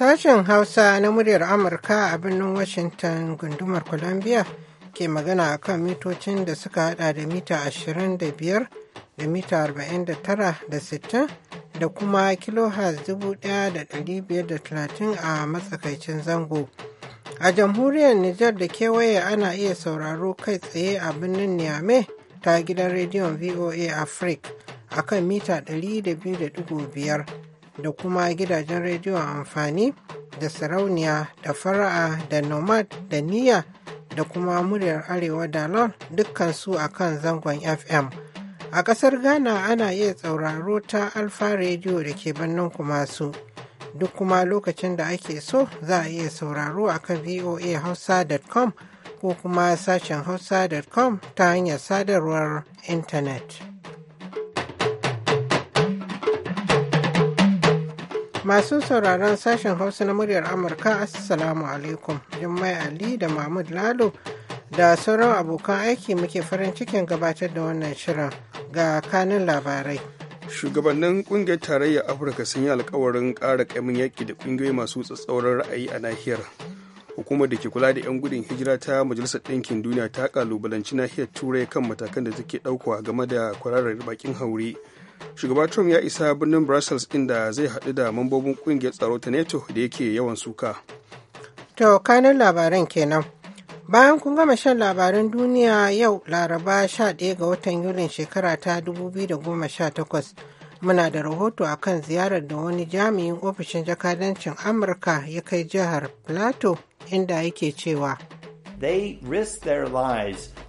Sashen Hausa na muryar Amurka a birnin Washington gundumar Columbia ke magana a kan mitocin da suka hada da mita 25 da mita 49 da 60 da kuma da 1530 a matsakaicin zango. A jamhuriyar Nijar da kewaye ana iya sauraro kai tsaye a birnin Niamey ta gidan rediyon VOA Africa a kan mita 200.5. da kuma gidajen rediyo amfani da sarauniya da fara'a da nomad da niyya da kuma muryar arewa da dukkan dukkansu a kan zangon fm a ƙasar ghana ana iya tsauraro ta alfa rediyo da ke birnin kumasu duk kuma lokacin da ake so za a iya sauraro a kan voahausa.com ko kuma sashen hausa.com ta hanyar sadarwar intanet. Masu sauraron sashen Hausa na muryar Amurka, Assalamu alaikum. Jummai Ali da Mahmud Lalo da sauran abokan aiki muke farin cikin gabatar da wannan shirin ga kanin labarai. Shugabannin kungiyar tarayyar Afirka sun yi alkawarin ƙara ƙamin yaƙi da ƙungiyoyi masu tsatsauran ra'ayi a nahiyar. Hukumar da ke kula da 'yan gudun hijira ta Majalisar Ɗinkin Duniya ta ƙalubalanci nahiyar Turai kan matakan da take ɗaukawa game da kwararar bakin haure. shugaba trump ya isa birnin brussels inda zai haɗu da mambobin ƙungiyar tsaro ta nato da yake yawan suka to kanin labaran kenan bayan kun gama shan labaran duniya yau laraba 11 ga watan yulin shekara ta 2018 muna da rahoto a kan ziyarar da wani jami'in ofishin jakadancin amurka ya kai jihar plateau inda yake cewa they risk their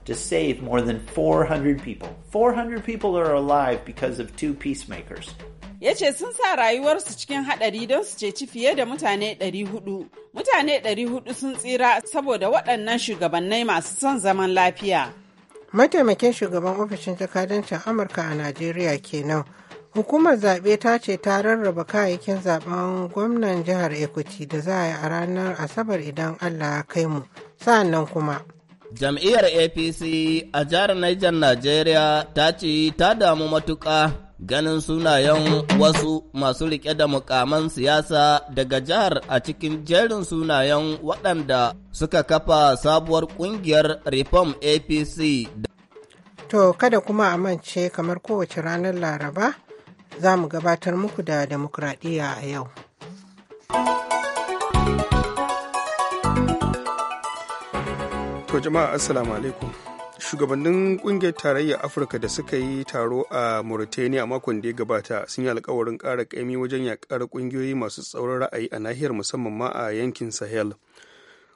to save more than 400 people. 400 people are alive because of two peacemakers. ya sun sa rayuwarsu cikin haɗari don su ceci fiye da mutane 400 mutane 400 sun tsira saboda waɗannan shugabannai masu son zaman lafiya mataimakin shugaban ofishin jakadancin amurka a najeriya kenan hukumar zaɓe ta ce ta rarraba kayayyakin zaben gwamnan jihar ekuti da za a yi a ranar asabar idan allah ya kai mu sa'annan kuma Jam'iyyar APC a jihar Niger Najeriya ta ce ta damu matuƙa ganin sunayen wasu masu riƙe da mukaman siyasa daga jihar a cikin jerin sunayen waɗanda suka kafa sabuwar ƙungiyar Reform APC. To, kada kuma a mance kamar kowace ranar Laraba, za mu gabatar muku da demokradiyya a yau. To jama'a assalamu alaikum. Shugabannin kungiyar tarayyar Afirka da suka yi taro a Mauritania makon da ya gabata sun yi alkawarin ƙara ƙaimi wajen yaƙar ƙungiyoyi masu tsauran ra'ayi a nahiyar musamman ma a yankin Sahel.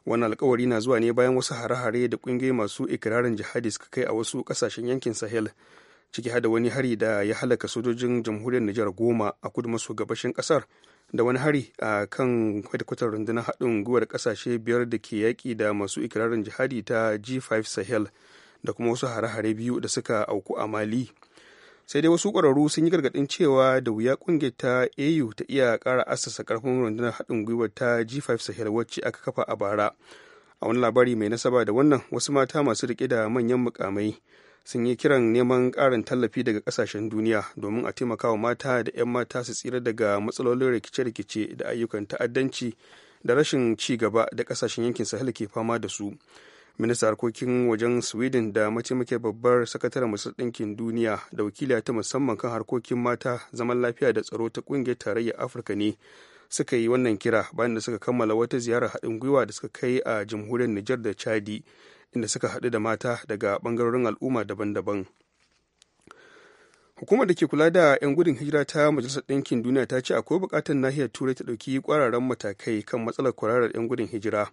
Wannan alkawari na zuwa ne bayan wasu hare-hare da ƙungiyoyi masu ikirarin jihadi suka kai a wasu ƙasashen yankin Sahel. Ciki da wani hari da ya halaka sojojin jamhuriyar Nijar goma a kudu maso gabashin ƙasar da wani hari a kan kwatakwatar rundunar haɗin gwiwar ƙasashe biyar da ke yaƙi da masu ikirarin jihadi ta g5 sahel da kuma wasu hare-hare biyu da suka auku a mali sai dai wasu ƙwararru sun yi gargaɗin cewa da wuya ƙungiyar ta au ta iya ƙara asasa ƙarfin rundunar haɗin gwiwar ta g5 sahel wacce aka kafa a bara a wani labari mai nasaba da wannan wasu mata masu riƙe da manyan mukamai sun yi kiran neman ƙarin tallafi daga ƙasashen duniya domin a taimakawa mata da 'yan mata su tsira daga matsalolin rikice-rikice da ayyukan ta'addanci da rashin ci gaba da ƙasashen yankin sahel ke fama da su minista harkokin wajen sweden da mataimakiyar babbar sakataren masu ɗinkin duniya da wakiliya ta musamman kan harkokin mata zaman lafiya da tsaro ta ƙungiyar tarayyar afirka ne suka yi wannan kira bayan da suka kammala wata ziyarar haɗin gwiwa da suka kai a jamhuriyar nijar da chadi inda suka haɗu da mata daga ɓangarorin al'umma daban-daban hukumar da ke kula da 'yan gudun hijira ta majalisar ɗinkin duniya ta ce akwai buƙatar nahiyar turai ta ɗauki ƙwararren matakai kan matsalar kwararar 'yan gudun hijira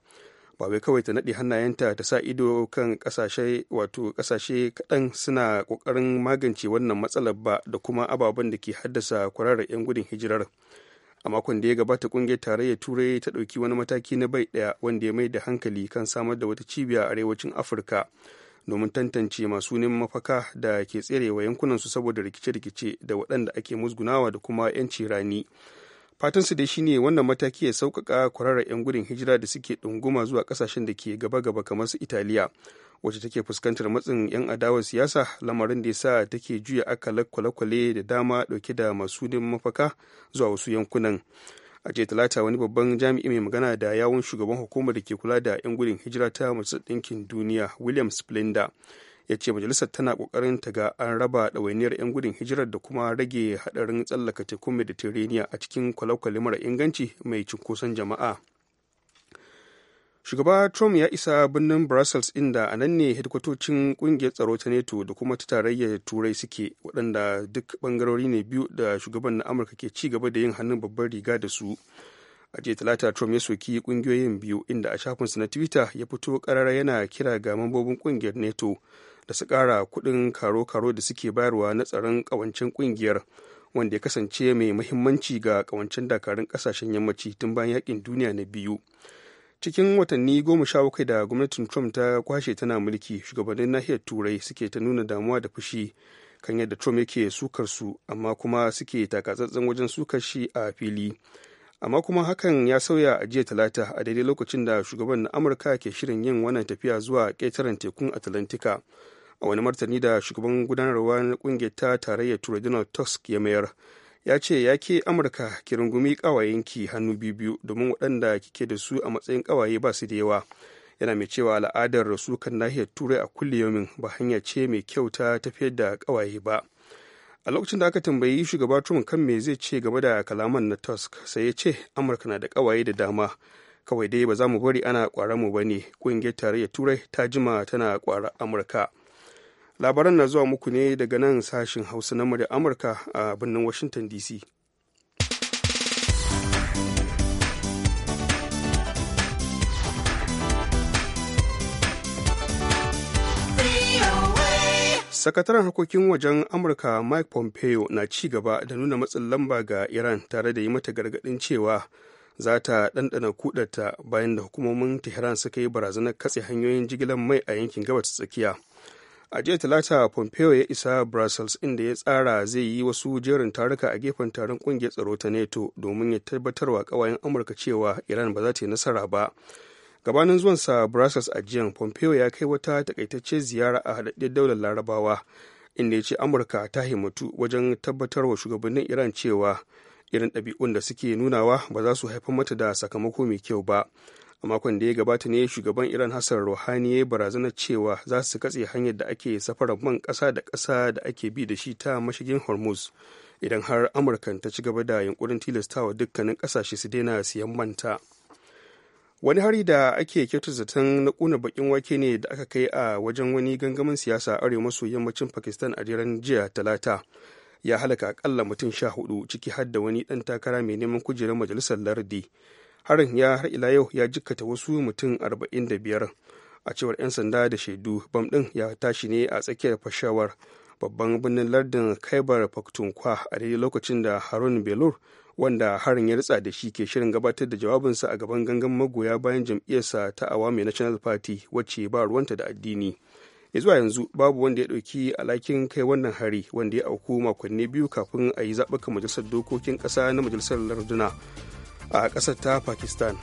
ba wai kawai ta naɗe hannayenta ta sa ido kan ƙasashe wato ƙasashe kaɗan suna ƙoƙarin magance wannan matsalar ba da kuma ababen da ke haddasa kwararar 'yan gudun hijirar a makon da ya gabata kungiyar tarayyar turai ta ɗauki wani mataki na bai ɗaya wanda ya mai da hankali kan samar da wata cibiya a arewacin afirka domin tantance masu neman mafaka da ke tserewa yankunansu saboda rikice-rikice da waɗanda ake musgunawa da kuma 'yanci rani fatansu dai shine wannan mataki ya sauƙaƙa kwararra 'yan gudun hijira da suke ɗunguma zuwa ƙasashen da ke gaba-gaba kamar su italiya wacce take fuskantar matsin 'yan adawar siyasa lamarin da ya sa take juya aka kwale da dama dauke da masu neman mafaka zuwa wasu yankunan a jiya talata wani babban jami'i mai magana da yawon shugaban hukumar da ke kula da 'yan gudun hijira ta majalisar ɗinkin duniya william splenda ya ce majalisar tana kokarin ta ga an raba ɗawainiyar 'yan gudun hijirar da kuma rage hadarin tsallaka tekun mediterranean a cikin kwale mara inganci mai cunkoson jama'a shugaba trump ya isa birnin brussels inda a nan ne hedikwatocin kungiyar tsaro ta neto da kuma ta tarayyar turai suke waɗanda duk bangarori ne biyu da shugaban na amurka ke ci gaba da yin hannun babbar riga da su a jiya talata trump ya soki kungiyoyin biyu inda a shafinsa na twitter ya fito karara yana kira ga mambobin kungiyar neto da su kara kuɗin karo-karo da suke bayarwa na tsaron ƙawancen kungiyar wanda ya kasance mai mahimmanci ga ƙawancen dakarun ƙasashen yammaci tun bayan yakin duniya na biyu cikin watanni goma sha bakwai da gwamnatin trump ta kwashe tana mulki shugabannin nahiyar turai suke ta nuna damuwa da fushi kan yadda trump yake sukar su amma kuma suke takatsantsan wajen sukar shi a fili amma kuma hakan ya sauya a jiya talata a daidai lokacin da shugaban na amurka ke shirin yin wannan tafiya zuwa ƙetaren tekun atlantika a wani martani da shugaban gudanarwa na ƙungiyar ta tarayyar turai donald tusk ya mayar ya ce ya ke amurka ki rungumi ƙawayenki hannu biyu domin waɗanda kike da su a matsayin ƙawaye ba su da yawa yana mai cewa al'adar rasukan nahiyar turai a kulle yomin ba hanya ce mai kyau ta tafiyar da ƙawaye ba a lokacin da aka tambayi shugaba trump kan me zai ce game da kalaman na tusk sai ya ce amurka na da ƙawaye da dama kawai dai ba za mu bari ana kwara mu ba ne ƙungiyar tarayyar turai ta jima tana kwara amurka labaran na zuwa muku ne daga nan sashin hausa na murya amurka a birnin washington dc sakataren harkokin wajen amurka mike pompeo na ci gaba da nuna matsin lamba ga iran tare da yi mata gargaɗin cewa za ta ɗanɗana kudarta bayan da hukumomin tehran suka yi barazanar katse hanyoyin jigilar mai a yankin gabas tsakiya a jiya talata pompeo ya isa brussels inda ya tsara zai yi wasu jerin taruka a gefen taron kungiyar tsaro ta neto domin ya tabbatarwa kawayen amurka cewa iran ba za ta yi nasara ba gabanin zuwansa brussels a jiyan pompeo ya kai wata takaitacce ziyara a haɗaɗɗen daular larabawa inda ya ce amurka ta himmatu wajen tabbatarwa shugabannin iran cewa irin ɗabi'un da suke nunawa ba za su haifar mata da sakamako mai kyau ba a makon da ya gabata ne shugaban iran hassan rouhani ya barazana cewa za su katse hanyar da ake safarar man ƙasa da kasa da ake bi da shi ta mashigin hormuz idan har amurka ta ci gaba da yunkurin tilastawa dukkanin ƙasashe su daina siyan manta wani hari da ake kyautu zaton na kuna bakin wake ne da aka kai a wajen wani gangamin siyasa arewa maso yammacin pakistan a jiran jiya talata ya halaka akalla mutum sha hudu ciki har da wani dan takara mai neman kujerar majalisar lardi harin ya har ila yau ya jikkata wasu mutum 45 a cewar 'yan sanda da shaidu bam ɗin ya tashi ne a tsakiyar fashawar babban birnin lardin kaibar faktunkwa a daidai lokacin da harun belur wanda harin ya ritsa da shi ke shirin gabatar da jawabinsa a gaban gangan magoya bayan jam'iyyarsa ta awami national party wacce ba ruwanta da addini ya zuwa yanzu babu wanda ya ɗauki alhakin kai wannan hari wanda ya auku makonni biyu kafin a yi zaɓuka majalisar dokokin ƙasa na majalisar larduna a ƙasar ta pakistan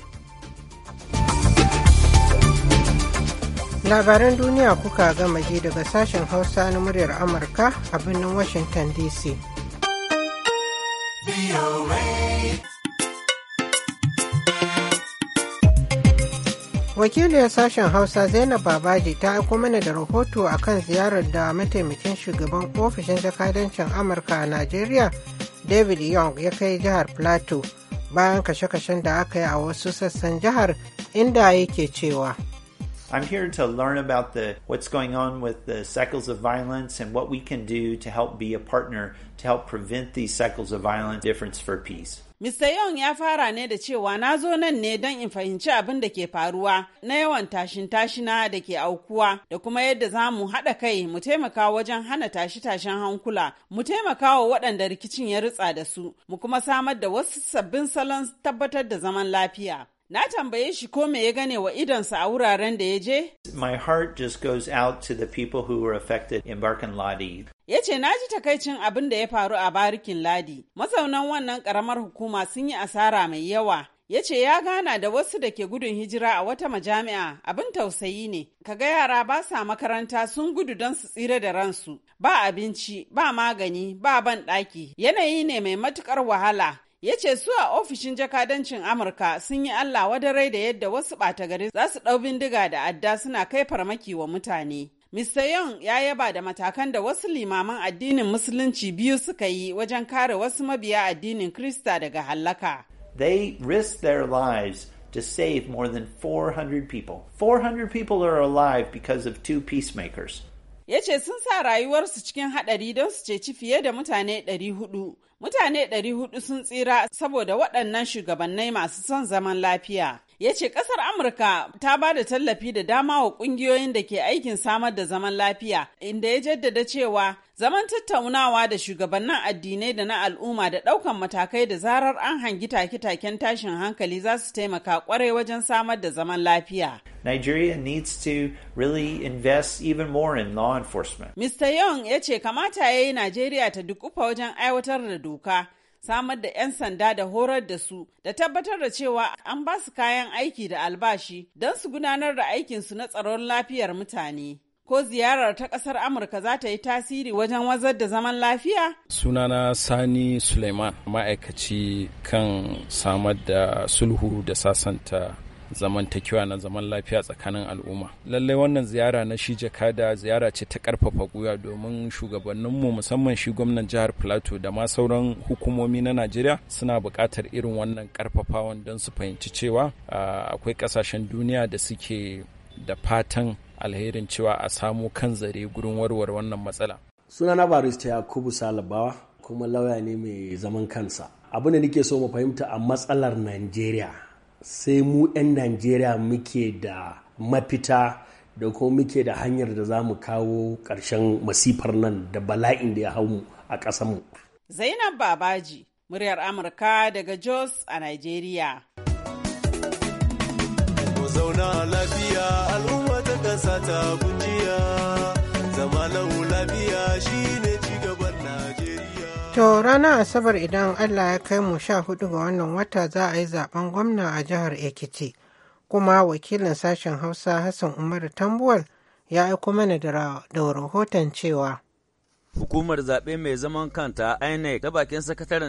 labaran duniya kuka gama ji daga sashen hausa na muryar amurka a birnin washington dc wakiliyar sashen hausa zainab babaji ta aiko mana da rahoto a kan ziyarar da mataimakin shugaban ofishin jakadancin amurka a najeriya david young ya kai jihar plateau bayan kashe-kashen da aka yi a wasu sassan jihar inda yake cewa I'm here to learn about the what's going on with the cycles of violence and what we can do to help be a partner to help prevent these cycles of violence difference for peace. Mr. Young ya fara ne da cewa na zo nan ne don in fahimci abin da ke faruwa na yawan tashin tashina da ke aukuwa da kuma yadda za mu haɗa kai mu taimaka wajen hana tashi-tashen hankula, mu taimaka wa waɗanda rikicin ya ritsa da su, mu kuma samar da wasu sabbin salon tabbatar da zaman lafiya. Na tambaye shi ko me ya gane wa idonsa a wuraren da ya je? My heart just goes out to the people who were affected in Barkin Ladi. Ya ce na ji takaicin abin da ya faru a Barikin Ladi. Mazaunan wannan karamar hukuma sun yi asara mai yawa. Ya ce ya gana da wasu da ke gudun hijira a wata majami'a abin tausayi ne. Kaga yara ba sa makaranta sun gudu don su tsira da ransu. Ba abinci, ba magani, ba ban ɗaki. Yanayi ne mai matukar wahala. ya ce su a ofishin jakadancin amurka sun yi allah wadarai da yadda wasu ɓata gari za su ɗau bindiga da adda suna kai farmaki wa mutane Mr. Young ya yaba da matakan da wasu limaman addinin musulunci biyu suka yi wajen kare wasu mabiya addinin Krista daga hallaka. They risk their lives to save more than 400 people. 400 people are alive because of two peacemakers. Ya ce sun sa rayuwarsu cikin haɗari don su ceci fiye da mutane 400 Mutane 400 sun tsira saboda waɗannan shugabannai masu son zaman lafiya. Ya ce ƙasar Amurka ta ba da tallafi da dama wa ƙungiyoyin da ke aikin samar da zaman lafiya, inda ya jaddada cewa zaman tattaunawa da shugabannin addinai da na al'umma da ɗaukan matakai da zarar an hangi take-taken tashin hankali za su taimaka kwarai wajen samar da zaman lafiya. Nigeria needs to really invest even more in law enforcement. Mr. Young ya ce kamata ya yi Najeriya ta dukufa wajen aiwatar da doka samar da 'yan sanda da horar da su da tabbatar da cewa an ba su kayan aiki da albashi don su gudanar da aikinsu na tsaron lafiyar mutane. ko ziyarar ta kasar amurka za ta yi tasiri wajen wazar da zaman lafiya sunana sani suleiman ma'aikaci kan samar da sulhu da sasanta zaman zamantakewa na zaman lafiya tsakanin al'umma lallai wannan ziyara na shi jakada ziyara ce ta karfafa gwiwa domin shugabanninmu musamman shi gwamnan jihar plateau da ma sauran hukumomi na najeriya suna buƙatar irin wannan karfafawan don su fahimci cewa akwai ƙasashen duniya da suke da fatan alherin cewa a samu kan zare gurin warware wannan matsala sunana barista yakubu salabawa kuma lauya ne mai zaman kansa abin da nake so mu fahimta a matsalar najeriya sai mu 'yan najeriya muke da mafita da kuma muke da hanyar da za mu kawo ƙarshen masifar nan da bala'in da ya hau a ƙasanmu. zainab babaji muryar amurka daga jos a nigeria zauna lafiya al'umma ta kasa ta To ranar Asabar idan Allah ya kai mu sha hudu ga wannan wata za a yi zaben gwamna a jihar Ekiti. Kuma wakilin sashen Hausa Hassan umaru Tambuwal ya aiko mana da rahoton cewa. Hukumar zaɓe mai zaman kanta INEC ta bakin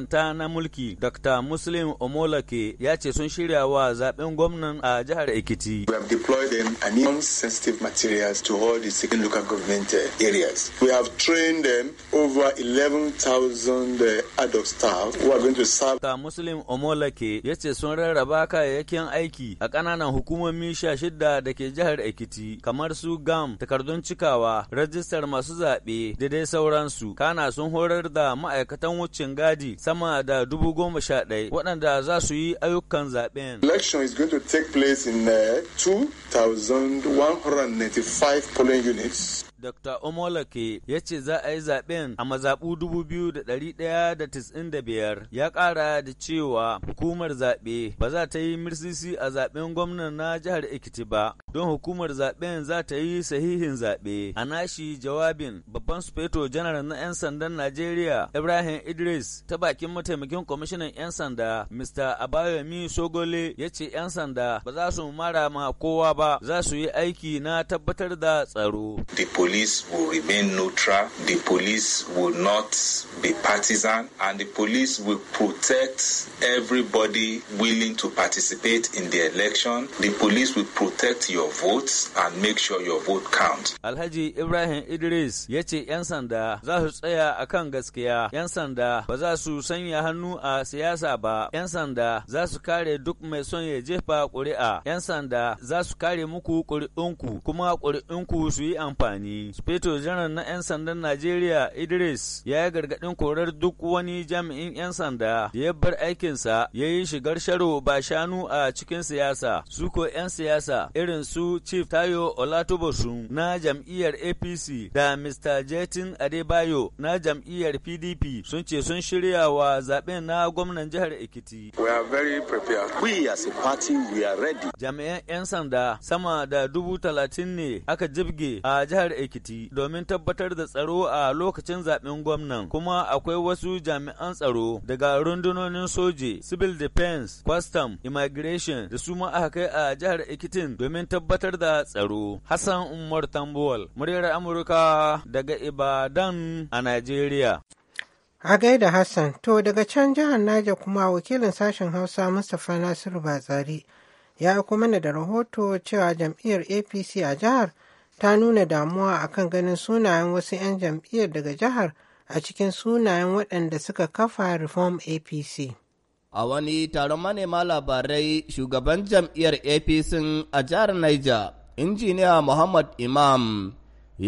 ta na mulki Dr. Muslim Omolake ya ce sun shirya wa zaɓen gwamnan a jihar Ekiti. We have deployed them and animal sensitive materials to all the second local government eh, areas. We have trained them over 11,000 eh, adult staff who are going to serve. Dr. Muslim Omolake ya ce sun rarraba kayayyakin aiki a ƙananan hukumomi sha shidda da ke jihar Ekiti kamar su GAM, takardun cikawa, rajistar masu zaɓe da dai sauran sauransu. Kana sun horar da ma'aikatan wucin gadi sama da dubu goma sha ɗaya waɗanda za su yi ayyukan zaɓen. Election is going to take place in uh, 2,195 polling units. Dr. Omolake ya ce za a yi zaɓen a mazaɓu 2,195 ya ƙara da cewa hukumar zaɓe ba za ta yi mirsisi a zaɓen gwamnan na jihar Ekiti ba, don hukumar zaɓen za ta yi sahihin zaɓe. A nashi jawabin babban sufeto janar na 'yan sandan Najeriya Ibrahim Idris ta bakin mataimakin kwamishinan 'yan sanda Mr. Abayomi Sogole ya ce 'yan sanda ba za su mara ma kowa ba za su yi aiki na tabbatar da tsaro. The police will remain neutral, the police will not be partisan and the police will protect everybody willing to participate in the election. The police will protect your votes and make sure your vote counts. Alhaji Ibrahim Idris ya ce 'yan sanda za su tsaya a kan gaskiya, 'yan sanda ba za su sanya hannu a siyasa ba, 'yan sanda za su kare duk mai son ya jefa ƙuri'a, 'yan sanda za su kare muku ƙuri'unku kuma ƙuri'unku su yi amfani. Speto janar na 'yan sandan Najeriya Idris ya yi gargaɗin korar duk wani jami'in 'yan sanda da ya bar aikinsa ya yi shigar sharo ba shanu a cikin siyasa, su ko 'yan siyasa irin su Chief Tayo Olatubosun na jam'iyyar APC da Mr. Jetin Ade Adebayo na jam'iyyar PDP sun ce sun shirya wa zaɓen na gwamnan jihar Ekiti. We are very prepared. We as a party we are ready. Jami'an 'yan sanda sama da dubu talatin ne aka jibge a jihar Ekiti domin tabbatar da tsaro a lokacin zaɓen gwamnan kuma akwai wasu jami'an tsaro daga rundunonin soje, civil defense, custom, immigration da su ma aka a jihar Ekitin domin tabbatar da tsaro. Hassan Umar Tambuwal, muryar Amurka daga Ibadan a Najeriya. A gaida Hassan, to daga can jihar Naja kuma wakilin sashen Hausa Mustapha Nasiru Batsari ya aiko mana da rahoto cewa jam'iyyar APC a jihar ta nuna damuwa akan ganin sunayen wasu 'yan jam'iyyar daga jihar a cikin sunayen waɗanda suka kafa Reform APC. A wani taron manema labarai shugaban jam'iyyar APC a jihar Niger, Injiniya Muhammad Imam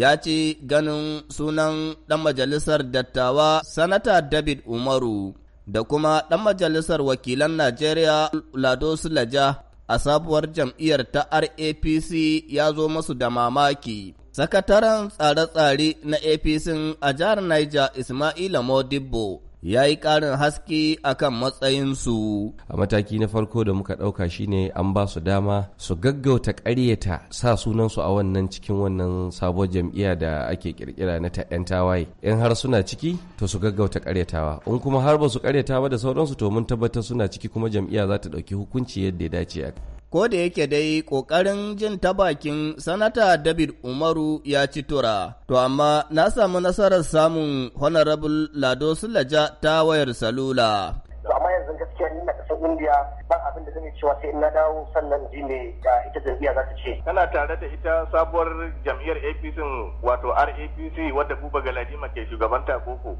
ya ci ganin sunan ɗan majalisar dattawa sanata David Umaru da kuma ɗan majalisar wakilan Najeriya Lado Sulaja a sabuwar jam'iyyar ta RAPC ya zo masu da mamaki. Sakataren tsare-tsare na APC a jihar Niger Ismaila Modibo ya yi ƙarin haske a matsayin matsayinsu. A mataki na farko da muka ɗauka shine an ba su dama su gaggauta ƙaryata sa sunansu a wannan cikin wannan sabuwar jam'iyya da ake ƙirƙira na 'yan tawaye. In har suna ciki to su gaggauta ƙaryatawa. In kuma har ba su ƙaryata ba da sauransu to mun tabbatar suna ciki kuma jam'iyya za ta ɗauki hukunci yadda ya dace. ko da yake dai ƙoƙarin jin ta bakin sanata David Umaru ya ci tura, to amma na samu nasarar samun Honorable Lado Sulaja ta wayar salula. amma yanzu gaskiya ni na kasar India ba abin da zan cewa sai na dawo sannan ji ne da ita jam'iyya za ta ce. Kana tare da ita sabuwar jam'iyyar APC wato RAPC wadda Buba Galadima ke shugabanta koko.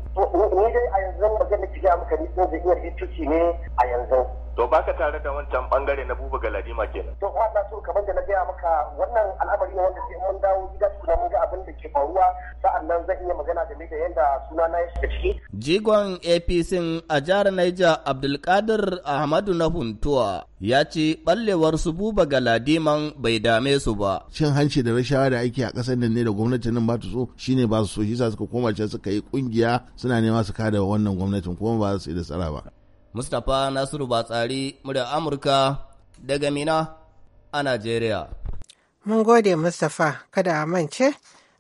Ni dai a yanzu magana ki ga muka ni ko jam'iyyar APC ne a yanzu. to baka tare da wancan bangare na buba galadima kenan to fa so kamar da na gaya maka wannan al'amari wanda sai mun dawo gida tukuna mun ga abin da ke faruwa sa'annan zan iya magana da yadda suna na ya shiga ciki jigon APC a jihar Niger Abdulkadir Ahmadu na Huntuwa ya ce ballewar su buba galadiman bai dame su ba cin hanci da rashawa da aiki a kasar nan ne da gwamnatin nan ba ta so shine ba su so shi suka koma can suka yi kungiya suna nema su kada wannan gwamnatin kuma ba su yi da tsara ba Mustapha Nasiru Batsari, murya Amurka daga Mina a Najeriya. Mun gode Mustapha, kada a mance,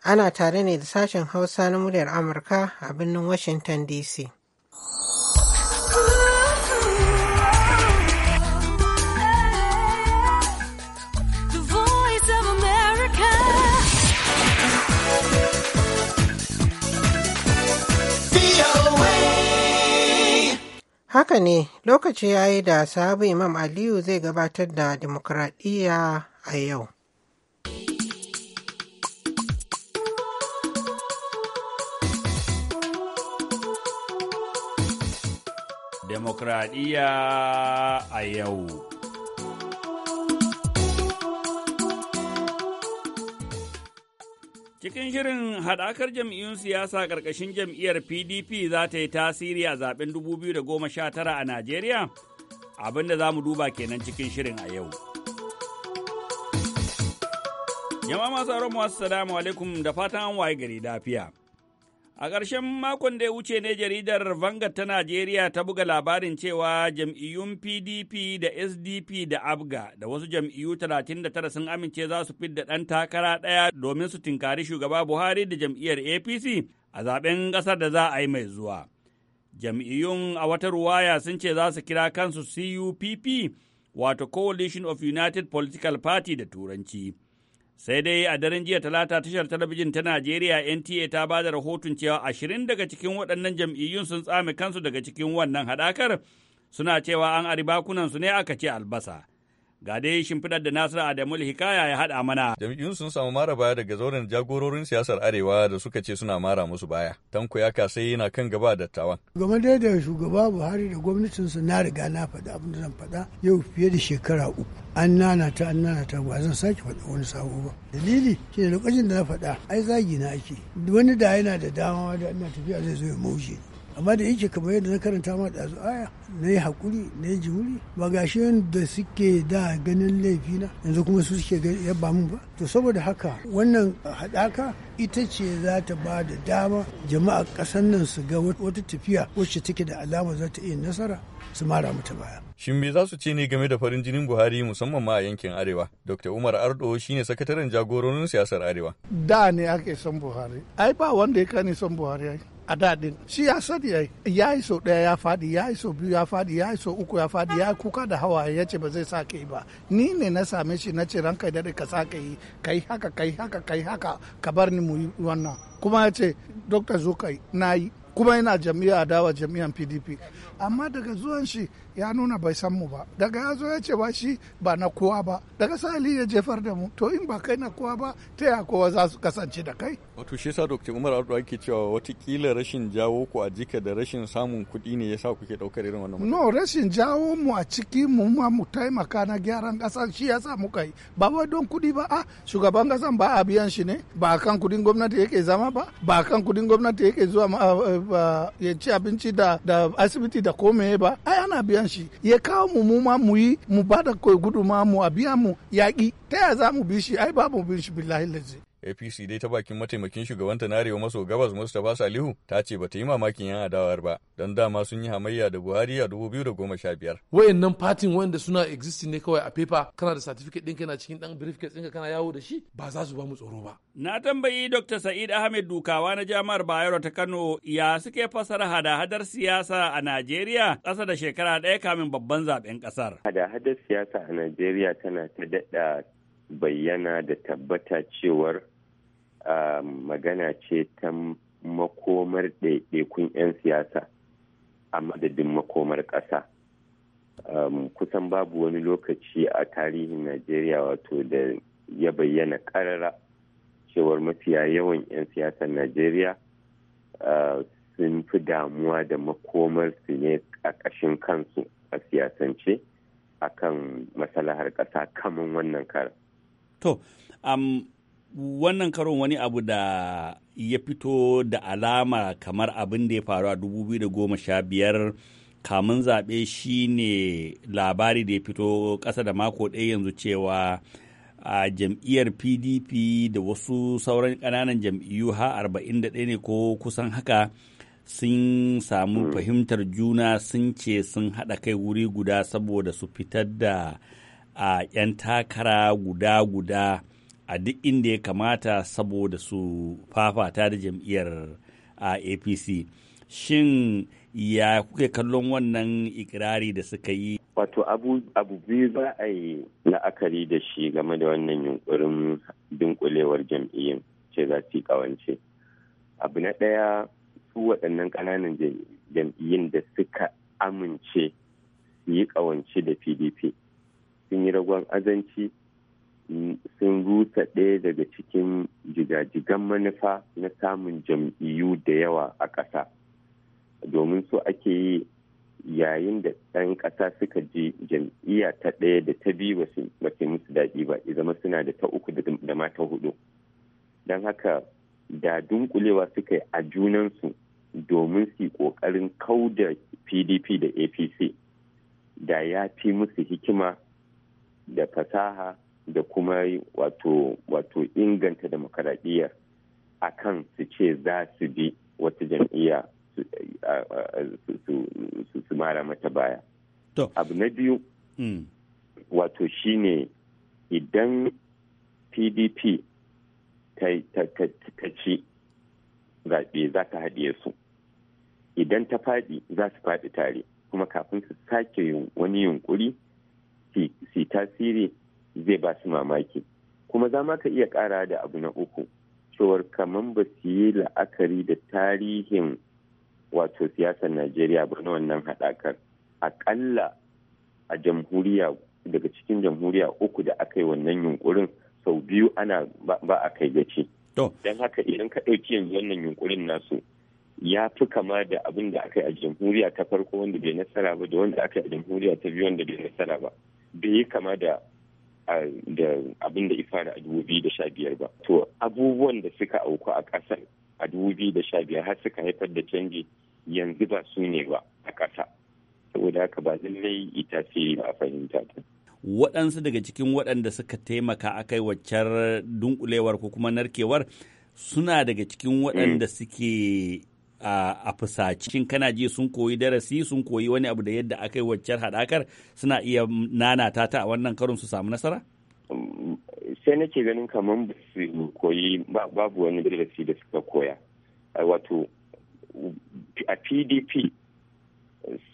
ana tare ne da sashen Hausa na muryar Amurka a birnin Washington DC. Haka ne lokaci ya yi da sahabu Imam Aliyu zai gabatar da demokradiyya a yau. Demokradiyya a yau. Cikin shirin haɗakar jam'iyyun siyasa ƙarƙashin jam'iyyar PDP za ta yi tasiri a zaɓen 2019 a Najeriya? Abin da za mu duba kenan cikin shirin a yau. Yama masu aron masu salamu alaikum da fatan an waye gari lafiya. A ƙarshen makon da ya wuce ne jaridar Vanga ta Najeriya ta buga labarin cewa jam'iyyun PDP da SDP da ABGA da wasu jam'iyyu 39 sun amince za su fidda ɗan takara ɗaya domin su tinkari shugaba Buhari da jam'iyyar APC a zaben ƙasar da za a yi mai zuwa. Jam'iyyun a wata ruwaya sun ce za su kira kansu CUPP wato Coalition of United Political Party da Turanci. Sai dai a daren jiya talata tashar talabijin ta Najeriya NTA ta ba da rahoton cewa ashirin daga cikin waɗannan jam'iyyun sun tsame kansu daga cikin wannan hadakar suna cewa an ari bakunansu ne aka ce albasa. Ga dai shimfiɗar da Nasiru Adamu Hikaya ya haɗa mana. Jam'iyyun sun samu mara baya daga zauren jagororin siyasar Arewa da suka ce suna mara musu baya. Tanko ya sai yana kan gaba da dattawan. Game dai da shugaba Buhari da gwamnatin su na riga na faɗa abin da zan faɗa yau fiye da shekara uku. An nana ta an nana ta ba zan sake faɗa wani sabo ba. Dalili shine lokacin da na faɗa ai zagi na ake. Wani da yana da dama da ina tafiya zai zo ya ni. amma da yake kamar yadda na karanta ma da aya na yi haƙuri na yi jihuri ba gashi da suke da ganin laifina yanzu kuma su suke yabba mun ba to saboda haka wannan haɗaka ita ce za ta ba da dama jama'a ƙasar nan su ga wata tafiya wacce take da alama za ta iya nasara su mara mata baya. Shin me za su ce ne game da farin jinin Buhari musamman ma a yankin Arewa? Dr. Umar Ardo shine sakataren jagororin siyasar Arewa. Da ne ake son Buhari. Ai ba wanda ya kani son Buhari ai. a daɗin shi ya sani ya yi sau ɗaya ya faɗi ya yi sau biyu ya faɗi ya yi sau uku ya faɗi ya kuka da hawa ya ce ba zai sa ka yi ba ni ne na same shi na ce ranka daɗi ka sa ka yi ka yi haka ka yi haka ka yi haka ka bar ni mu wannan kuma ya ce dokta zukai na yi kuma yana jami'a dawa jami'an pdp amma daga zuwan shi ya nuna bai san mu ba daga ya zo ya ce ba shi ba na kowa ba daga sali ya jefar da mu to in ba kai na kowa ba ta ya kowa za su kasance da kai wato shi yasa dokta umar abdu ake cewa watakila rashin jawo ku a jika da rashin samun kuɗi ne yasa ke ɗaukar irin wannan no rashin jawo mu a ciki mu ma mu taimaka na gyaran ƙasa shi yasa muka yi ba wai don kuɗi ba a shugaban ƙasan ba a biyan shi ne ba kan kuɗin gwamnati yake zama ba ba kan kuɗin gwamnati yake zuwa eh, ya ci abinci da asibiti da kome ba ai ana biyan shi ya kawo mu mu ma mu yi mu bada koi gudu ma mu a biya mu yaƙi ta ya za mu bi shi ai babu bin shi billahi lazzi APC dai ta bakin mataimakin shugabanta na Arewa maso gabas Mustapha Salihu ta ce bata yi mamakin yan adawar ba don dama sun yi hamayya da Buhari a 2015. Wayannan fatin wanda suna existing ne kawai a paper kana da certificate ɗinka na cikin ɗan briefcase ɗinka kana yawo da shi ba za su ba mu tsoro ba. Na tambayi Dr. Sa'id Ahmed Dukawa na Jami'ar Bayero ta Kano ya suke fasara hada-hadar siyasa a Najeriya ƙasa da shekara daya kamin babban zaben ƙasar. Hada-hadar siyasa a Najeriya tana ta daɗa bayyana da tabbata cewar Um, magana ce ta makomar ɗaiɗaikun 'yan siyasa a madadin makomar ƙasa um, kusan babu wani lokaci a tarihin najeriya wato da ya bayyana ƙarara cewar mafiya yawan 'yan siyasar najeriya uh, sun fi damuwa da makomar su ne a ƙashin kansu a siyasance akan masalahar ƙasa kaman wannan kara. To, um, wannan karon wani abu da ya fito da alama kamar abin da ya faru a 2015 kamun zaɓe shi ne labari da ya fito ƙasa da mako ɗaya yanzu cewa a jam'iyyar pdp da wasu sauran ƙananan jam'iyyu ha 41 ne ko kusan haka sun samu hmm. fahimtar juna sun ce sun haɗa kai wuri guda saboda su fitar da a 'yan takara guda-guda a duk inda ya kamata saboda su fafata da jam'iyyar apc shin ya kuke kallon wannan ikirari da suka yi wato abu biyu ba a yi la'akari da shi game da wannan yunkurin dunkulewar jam'iyyun ce za su yi kawance abu na ɗaya su waɗannan ƙananan jam'iyyun da suka amince su yi kawance da pdp sun yi ragon azanci sun rusa ɗaya daga cikin jigajigan manufa na samun jam'iyyu da yawa a ƙasa domin su ake yi yayin da ɗan ƙasa suka ji jam'iyya ta ɗaya da ta biyu ba su musu daɗi ba zama suna da ta uku da ma ta hudu don haka da dunkulewa suka yi a junansu domin su yi ƙoƙarin kauda pdp da apc da ya fi musu hikima da fasaha da kuma wato inganta demokaradiyyar a kan su ce za su bi wata jam'iyya su mara mata baya. Abu na biyu mm. wato shine idan PDP ta ci zaɓe za ta haɗiye su idan ta faɗi za su faɗi tare kuma kafin su sake wani yunkuri su tasiri zai ba su mamaki kuma za ka iya kara da abu na uku cewar kamar ba su yi la'akari da tarihin wato siyasar najeriya ba na wannan haɗakar aƙalla a jamhuriya daga cikin jamhuriya uku da aka yi wannan yunkurin sau biyu ana ba a kai gaci don haka idan ka ɗauki yanzu wannan yunkurin nasu ya fi kama da abin da aka yi a jamhuriya ta farko wanda bai nasara ba da wanda aka yi a jamhuriya ta biyu wanda bai nasara ba bai yi kama da da abin da ifara a dubu biyu da sha biyar ba to abubuwan da suka auku a ƙasar a dubu biyu da sha biyar har suka haifar da canji yanzu ba su ne ba a ƙasa saboda haka ba lallai ita ce a fahimta ta waɗansu daga cikin waɗanda suka taimaka a kai waccar dunkulewar ko kuma narkewar suna daga cikin waɗanda mm. suke a fusacin kana ji sun koyi darasi sun koyi wani abu da yadda aka yi waccar haɗakar suna iya nanata ta a wannan karin su samu nasara sai nake ganin kamar ba su koyi babu wani darasi da suka koya wato a pdp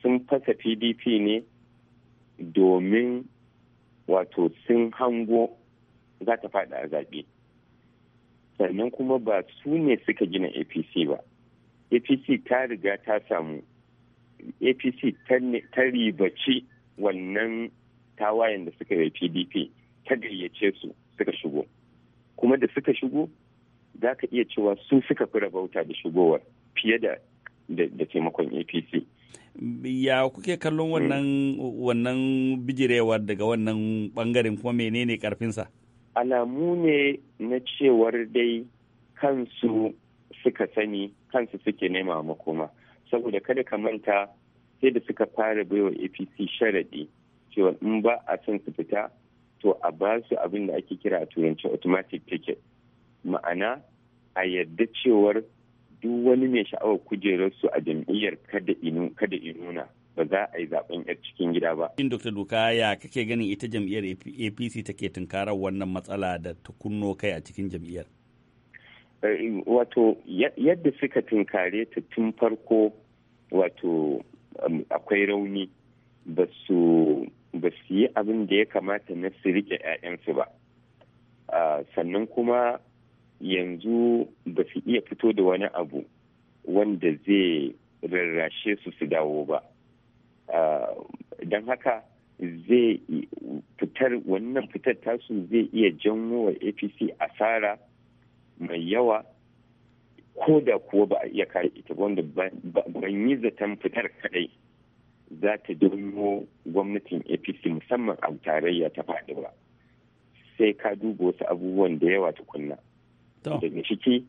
sun fasa pdp ne domin wato sun hango za ta faɗi a zaɓe sannan kuma ba su ne suka gina apc ba apc ta riga ta samu apc ta ribaci wannan tawayen da suka yi pdp ta gayyace su suka shigo kuma da suka shigo za ka iya cewa su suka fi rabauta da shigowar fiye da da taimakon apc ya kuke kallon wannan wannan bijirewar daga wannan bangaren kuma menene karfinsa alamu ne na cewar dai kansu suka sani kansu suke nema makoma saboda kada ka manta sai da suka fara baiwa apc sharaɗi cewa in ba a son su fita to a ba su abin da ake kira a turanci automatic ticket ma'ana a yadda cewar duk wani mai sha'awar su a jam'iyyar kada inuna ba za a yi zaben yar cikin gida ba. Shin Dr. Duka ya kake ganin ita jam'iyyar APC take tunkarar wannan matsala da ta kunno kai a cikin jam'iyyar? Eh, wato yadda suka tunkare ta tun farko wato um, akwai rauni ba su yi abin da ya kamata na su rike 'ya'yansu ba ah, sannan kuma yanzu ba su iya fito da wani abu wanda zai rarrashe su su dawo ba ah, don haka zai fitar wannan fitar tasu zai iya janwo wa apc asara mai yawa ko da kuwa ba a iya kare ita wanda ban yi zaton fitar kadai za ta janyo gwamnatin apc musamman a tarayya ta faɗi ba sai ka duba wasu abubuwan da yawa tukunna daga ciki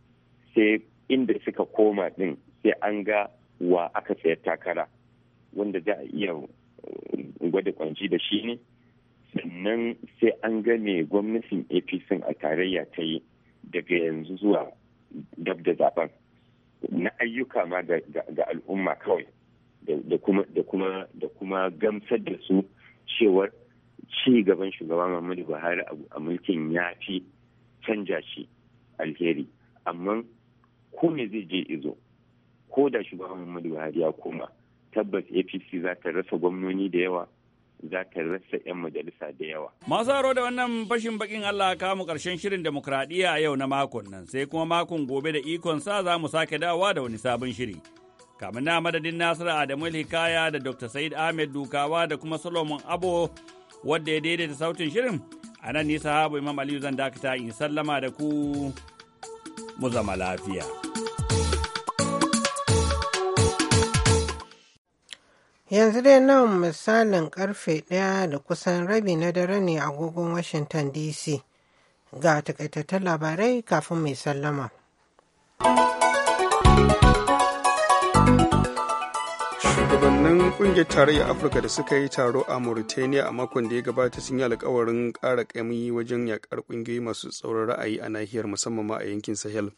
sai inda suka koma din sai an ga wa aka sayar takara wanda za a iya uh, gwada kwanci da shi ne sannan sai an ga me gwamnatin apc a tarayya ta yi daga yanzu zuwa dab da zaben na ayyuka ma ga al'umma kawai da kuma gamsar da su cewar ci gaban shugaba Muhammadu Buhari a mulkin ya fi canja shi alheri amma ko me zai je izo ko da shugaban Muhammadu Buhari ya koma tabbas APC za ta rasa gwamnoni da yawa za ka rasa 'yan majalisa da yawa. Masu haro da wannan fashin bakin Allah ka mu karshen shirin demokradiyya a yau na makon nan sai kuma makon gobe da ikon sa za mu sake dawa da wani sabon shiri. Kamin na madadin Nasiru Adamu Hikaya da Dr. Said Ahmed Dukawa da kuma Solomon Abo wadda ya daidaita sautin shirin a nan nisa habu Imam Aliyu zan dakata in sallama da ku mu zama lafiya. Yanzu dai nan misalin karfe ɗaya da kusan rabi na dare ne a agogon Washington DC. Ga takaitattun labarai kafin mai sallama. shugabannin kungiyar tarayyar afirka da suka yi taro a mauritania a makon da ya gabata sun yi alkawarin ƙara ƙaimi wajen yaƙar ƙungiyoyi masu tsoron ra'ayi a nahiyar musamman ma a yankin sahel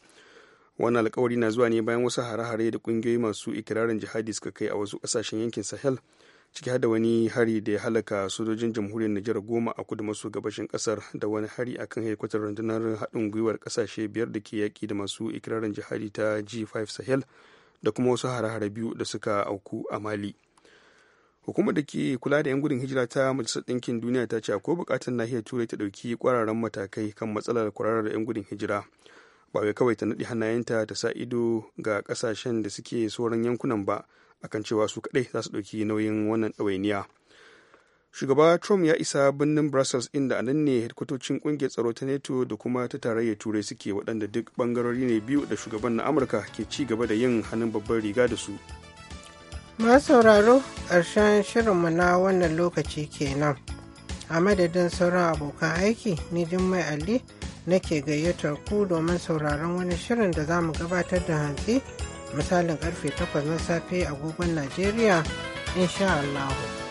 wannan alkawari na zuwa ne bayan wasu hare-hare da kungiyoyi masu ikirarin jihadi suka kai a wasu kasashen yankin sahel ciki har da wani hari da ya halaka sojojin jamhuriyar niger goma a kudu maso gabashin kasar da wani hari akan haikwatar rundunar haɗin gwiwar kasashe biyar da ke yaƙi da masu ikirarin jihadi ta g5 sahel da kuma wasu hare-hare biyu da suka auku a mali hukumar da ke kula da 'yan gudun hijira ta majalisar ɗinkin duniya ta ce akwai buƙatar nahiyar turai ta ɗauki ƙwararren matakai kan matsalar kwararar 'yan gudun hijira ba wai kawai ta naɗi hannayenta ta sa ido ga ƙasashen da suke sauran yankunan ba akan cewa su kaɗai za su ɗauki nauyin wannan ɗawainiya shugaba trump ya isa birnin brussels inda anan ne hedkwatocin ƙungiyar tsaro ta neto da kuma ta tarayyar turai suke waɗanda duk ɓangarori ne biyu da shugaban na amurka ke ci gaba da yin hannun babban riga da su masu sauraro ƙarshen shirinmu na wannan lokaci kenan a madadin sauran abokan aiki ni jummai ali nake gayyatar ku domin sauraron wani shirin da za mu gabatar da hantsi misalin karfe 8 na safe agogon Najeriya insha Allah.